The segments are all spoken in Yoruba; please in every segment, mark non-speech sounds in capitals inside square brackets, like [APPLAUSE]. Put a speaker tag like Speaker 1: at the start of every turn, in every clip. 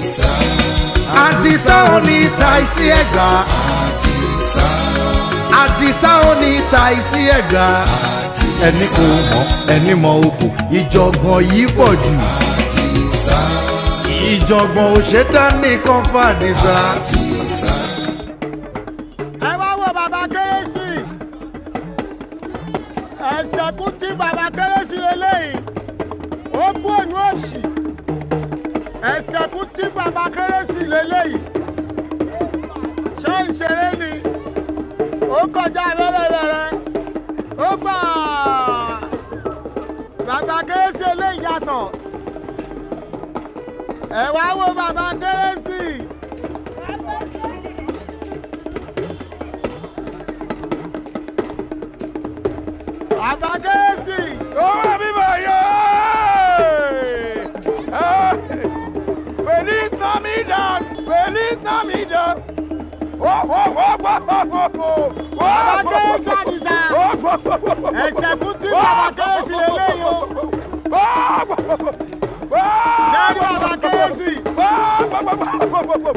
Speaker 1: àdìsá. àdìsá oníta ìsí ẹ̀gbá. àdìsá. àdìsá oníta ìsí ẹ̀gbá. ẹni kò mọ̀ ẹni mọ̀ òkú ìjọ̀gbọ̀n yìí pọ̀ jù. àdìsá. ìjọ̀gbọ̀n ò ṣe dá nìkan fún àdìsá. àdìsá.
Speaker 2: ẹ wá wo bàbá kérésì ẹ̀sẹ̀ tún ti bàbá kérésì lélẹ́yìn ó kú òun òṣì ẹ̀sẹ̀ tún tí bàbá kérésì lélẹ́yìí ṣé ìṣeré ni ó kọjá rẹ́rẹ́rẹ́rẹ́ ó gbà bàbá kérésì eléyìí yàtọ̀ ẹ wá wo bàbá kérésì. bàbá kérésì. bàbá kérésì àdìsá ẹsẹ̀ fún tí bàbá kérésì lélẹ́yìn o. lẹ́nu bàbá kérésì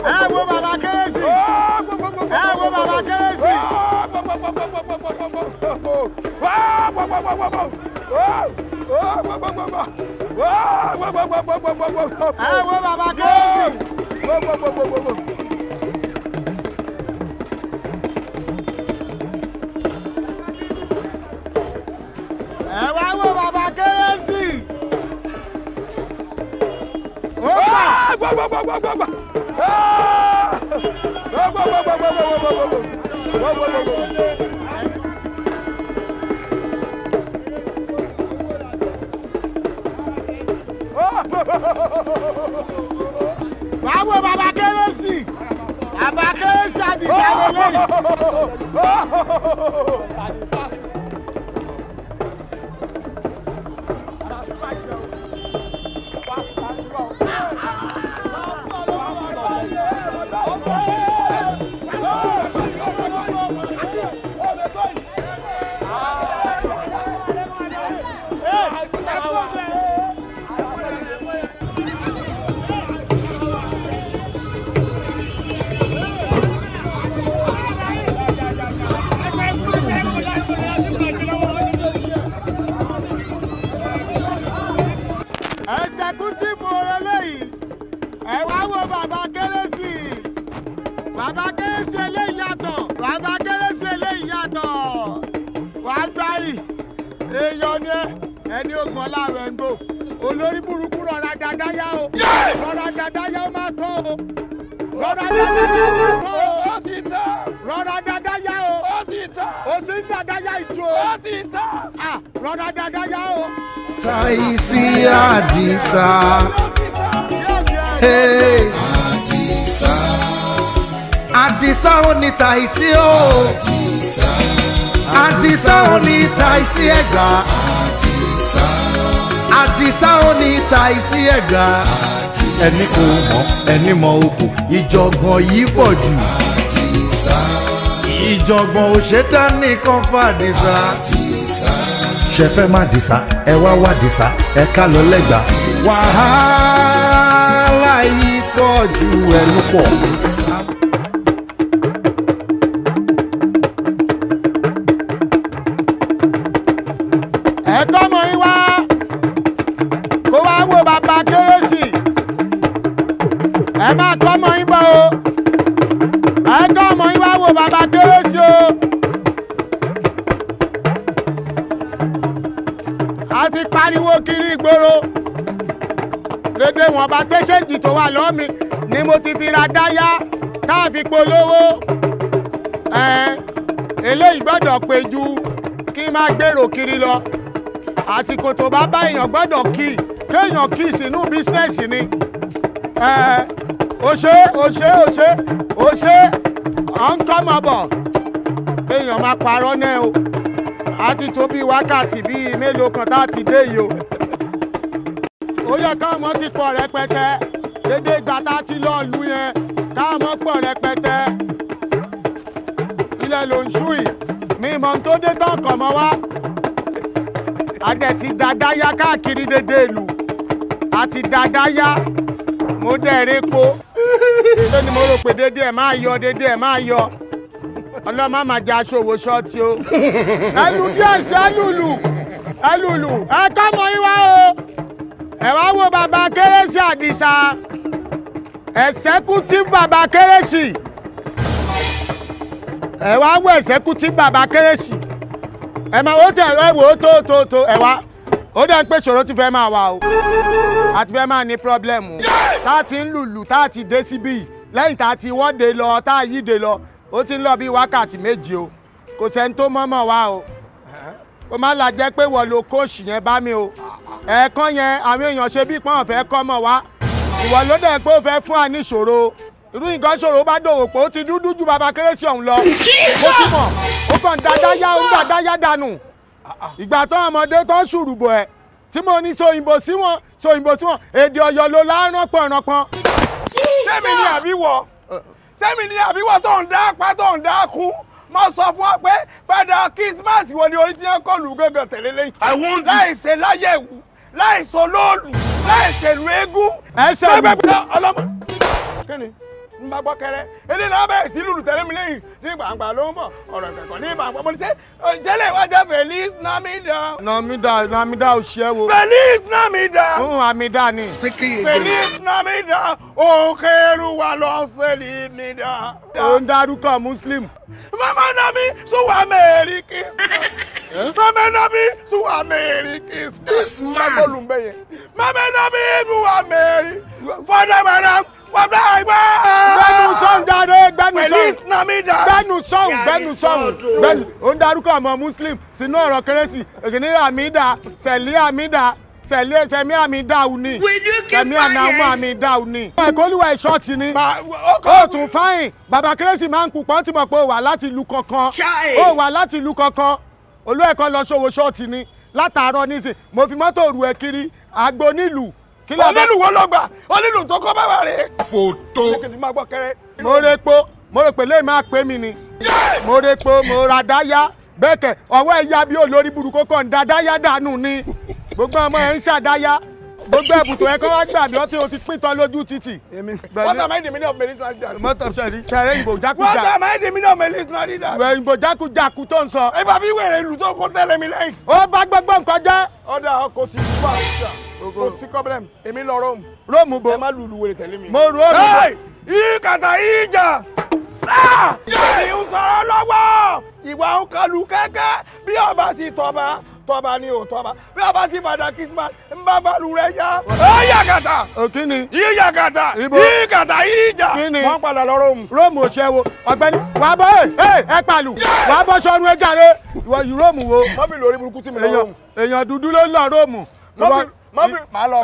Speaker 2: ẹ wo bàbá kérésì ẹ wo bàbá kérésì. ẹ wo bàbá kérésì. gbà ah! ah! [LAUGHS] wàá wo bàbá kérésì bàbá kérésì àdìsá lélẹ́yìn. ológun ọláwẹ̀ ń gbò olórí burúkú rọra dáadáa o rọra dáadáa o máa tán o rọra dáadáa o máa tán o ó ti tán rọra
Speaker 1: dáadáa o ó ti tán o ti ń dáadáa ìjó o ó ti tán rọra dáadáa o. Táísì Àdìsá Àdìsá Àdìsá ò ní Táísì o Àdìsá ò ní Táísì Ẹ̀gbá àdìsá. àdìsá ò ní ta ìsí ẹ̀gbá. ẹni kò mọ ẹni mọ òkò ìjọ̀gbọ̀n yìí pọ̀ jù. àdìsá. ìjọ̀gbọ̀n ò ṣe dá nìkan fún àdìsá. àdìsá. ṣe fẹ́ má dìsá ẹ wá wá dìsá ẹ ká lọ lẹ́gbàá. wàhálà yìí pọ̀ ju ẹnu pọ̀.
Speaker 2: dédé wọn bá tẹ́sẹ̀jì tó wà lọ́mì ni mo ti fi ra dáyà tá a fi polówó eléyìí gbọ́dọ̀ pé ju kí má gbèrò kiri lọ àsìkò tó bá bá èèyàn gbọ́dọ̀ kì í kéèyàn kì sínú bísínẹ́sì ni ó ṣe ó ṣe ó ṣe ó ṣe à máa parọ́ náà o àti tó bí wákàtí bíi mélòó kan tá a ti dé yìí o ó yẹ káwọn ti pọ̀ rẹpẹtẹ dédé ìgbà tá a ti lọ ìlú yẹn káwọn pọ̀ rẹpẹtẹ ilẹ̀ ló ń ṣú yìí mi mọ̀ tó dé tán kàn mọ́ wá adẹ ti dada ya káàkiri dédé ìlú àti dada ya mo dẹ̀ rẹ́ po tó ni mo rò pé dédé ẹ̀ máa yọ dédé ẹ̀ máa yọ ọlọ́mọ máa jẹ aṣòwò ṣọ́ọ̀tì o ẹlú díẹ̀ sí ẹlùlù ẹlùlù ẹ kọ́ mọ ìwá o ẹ wá wo bàbá kérésì àdìsá executive bàbá kérésì ẹ wá wo executive bàbá kérésì ẹ máa wò ó tẹ ẹ wò ó tó tó tó ẹ wá ó dẹ́n pé ṣòro ti fẹ́ máa wà o a ti fẹ́ máa ní pírọ́blẹ́mù tá a ti ń lùlù tá a ti dé síbí lẹ́yìn tá a ti wọ́de lọ tá a yíde lọ ó ti ń lọ bí wákàtí méje o kò sẹ́ni tó mọ́mọ́ wa o ó má la jẹ́ pé wọ́n lo kóòṣì yẹn bá mi o ẹ̀ẹ̀kan yẹn àwọn èèyàn ṣe bí pọ́n fẹ́ kọ́ mọ̀ wá ìwọ ló dẹ̀ pé ó fẹ́ fún wa níṣòro irú nǹkan ṣòro bá dòwò pé ó ti dúdú ju bàbá kérésì ọ̀hún lọ ó ti mọ̀ ó kàn dáadáa ó ń dáadáa dànù ah, ah. ìgbà tó ọmọdé tó ṣùrùbọ̀ ẹ̀ tí mo ní sòyìnbó sí wọn sòyìnbó sí wọn èdè ọ̀yọ́ ló lárán pọ̀nrànpọ̀n. sẹ́mi ni àbíwọ̀ uh, uh. sẹ́mi ni àbíwọ̀ tó ń dá apá tó ń dá kú mo sọ fún ọ pé fẹ́ẹ́ da wo ni orí ti yẹn kọlù gángan tẹ̀lé lẹ́yìn láì ṣe láyẹ̀wò láìsọ lóòlù láìsẹ̀lú eégún. ẹ ṣe àgbẹ̀. ọlọ́mọ kí ni ń bá gbọ́ eléyìí náà bẹ̀rẹ̀ sí lùlù tẹ̀lé mi lẹ́yìn ní gbàǹgbà ló ń bọ̀ ọ̀rọ̀ kẹ̀kọ́ ní gbàǹgbà mo ní sẹ́ ìṣẹ̀lẹ̀ ìwájà Felix Namida. Namida Namida ò ṣe wo. Felix Namida. ń amida ni. Felix Namida òkèrú wa lọ sẹ́lì mi dá. ó ń darúkọ muslim. mama nami suwa mẹ́rin kìí eh? mama nami suwa mẹ́rin kìí. this man. mama nami suwa mẹ́rin fọdàmọ́dàmọ́ fọdà ẹgbẹ. gbẹnu sọ̀hún dáadé gbẹnu sọ̀hún. pẹ̀lú islamida. gbẹnu sọ̀hún gbẹnu sọ̀hún darúkọ ọmọ muslim sínú ọ̀rọ̀ kérésì èkìní àmìdá sẹ̀lí àmìdá sẹ̀lí sẹ̀mí àmìdá òní sẹ̀mí ànàmú àmìdá òní. ìkólúwa ẹ̀ṣọ́ ti ni ó tún fáyìn bàbá kérésì máa ń pupọ̀ tí mo pé ó wà láti ìlú kankan ó wà láti ìlú kankan olú ẹ̀kọ́ lọ ṣòwò ṣọ́ọ̀tì ni látàárọ̀ nísìn mo fi mọ́tò rù ẹ̀ kiri àgbo nílùú onílù wo ló gbà onílù tó kọ́ bàbá rẹ̀. fòtó mo rẹ po mo rò pé lẹ́yìn máa pè mí ni mo rẹ po mo ra dáyà bẹ́ẹ̀kẹ̀ ọwọ́ ẹ̀yà bí olórí burúkú kọ́ ń da dáyà dànù ni gbogbo ọmọ ẹ̀ ń ṣàdáyà gbogbo ẹ̀bùtò ẹ̀kọ́ wá gbà bí wọ́n ti pín tán lójú títì. water mind the meaning of medicinal leader. na. sẹ́ni sẹ́rẹ́ ìbò water mind the meaning of medicinal leader. ìbò jákujá kú tó ń sọ. ẹ bàbí wèrè lù tó kó tẹ̀lé mi lẹ́yìn. ó bá gbọ́gbọ́ nǹkan jẹ́. ọ̀dà ọkọ̀ sì wà kò sí problem èmi lọ rome. rome bo ẹ má lulu wèrè tẹ̀lé mi. mo ru omi. yí kàtà yí jà. èmi ń sọ̀rọ̀ lọ́wọ́ ìwà ń kalu kẹ́kẹ́ bí ọba sì tọba tọba ni ò tọba bí ọba sì padà kismas ń bá balu rẹ yá. ó kàtà. òkìní. yí yà kàtà. ibo yí kàtà yí jà. kíni wọ́n padà lọ rome. rome ò ṣẹ́ wo ọ̀gbẹ́ni wà á bọ́ ẹ ẹ pàlù wà á bọ́ sọ́nu ẹ jàre ìwọ yìí rome wo. mọ́bìlì orí burúkú tí mi lọ èèyàn dúdú ló ń lọ rome má bí má lọ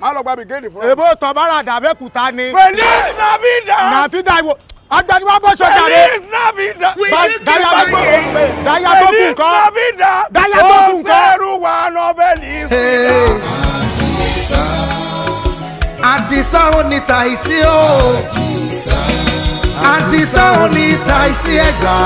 Speaker 2: má lọ gba brigade fún ẹ. èbó tọ bára dàbẹ́kúta ni. feliz navida. navida wo agbaniwa bọ sọjà rẹ. feliz navida. daya tó kù daya tó kù nǹkan. feliz navida. daya tó kù nǹkan. ọ̀sẹ̀rù
Speaker 1: wa nọ́bẹ̀lì sí. àdìsá ò ní ta ìsí o. àdìsá ò ní ta ìsí
Speaker 3: ẹ̀gbá.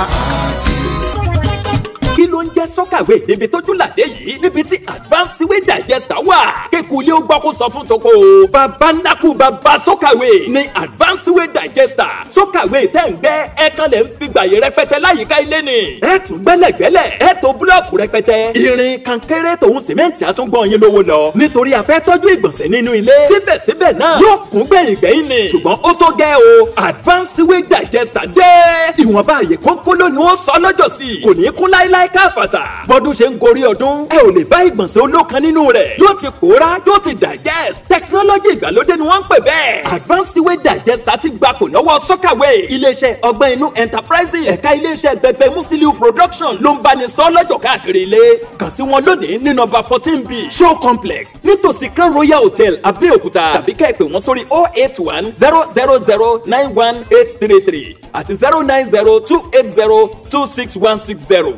Speaker 3: kí ló ń jẹ́ sọ́kàwé níbi tójú làdé yìí níbi tí advanced way digester wà kékulé ó gbọ́ kó sọ fún toko baba ńlákù baba sọ́kàwé ní advanced way digester sọ́kàwé tẹ́ ń gbẹ́ ẹ kan lè ń fi gbàyè rẹpẹtẹ láyìíká ilé ni ẹ tún gbẹ́lẹ̀gbẹ́lẹ̀ ẹ tó búlọ́ọ̀kù rẹpẹtẹ irin kankéré tòun sìmẹ́ǹtì àtúngbọ̀n yín lówó lọ nítorí a fẹ́ tọ́jú ìgbọ̀nsẹ̀ nínú ilé síbẹ̀síbẹ̀ náà yóò kún gbẹ̀yìn gbẹ̀yìn ni ṣùgbọ́n ó tó gẹ́ o advanced way digester dé ìwọ̀nba àyè kónkóló ni ó sọ lọ́jọ́ kò ní kún láíláí káfàt bàtà bọ́dún ṣe ń gorí ọdún ẹ ò lè bá ìgbọ̀nsẹ̀ olókan nínú rẹ̀ yóò ti pòórá yóò ti digest technology ìgbàlódé ni wọ́n ń pè bẹ́ẹ̀ advanced way digester ti gbapò lọ́wọ́ sọ́kàwé iléeṣẹ́ ọgbọ́n inú enterprises ẹ̀ka iléeṣẹ́ bẹ̀bẹ̀ musiliu production ló ń báni sọ lọ́jọ́ káàkiri ilé kàn sí wọn lónìí ní nọ́mbà fourteen b show complex nítòsí crown royal hotel abẹ́òkúta tàbí kẹ́ ẹ pè wọ́n sórí oh eight one zero zero zero nine one eight three three àti zero nine zero two eight zero two six one six zero.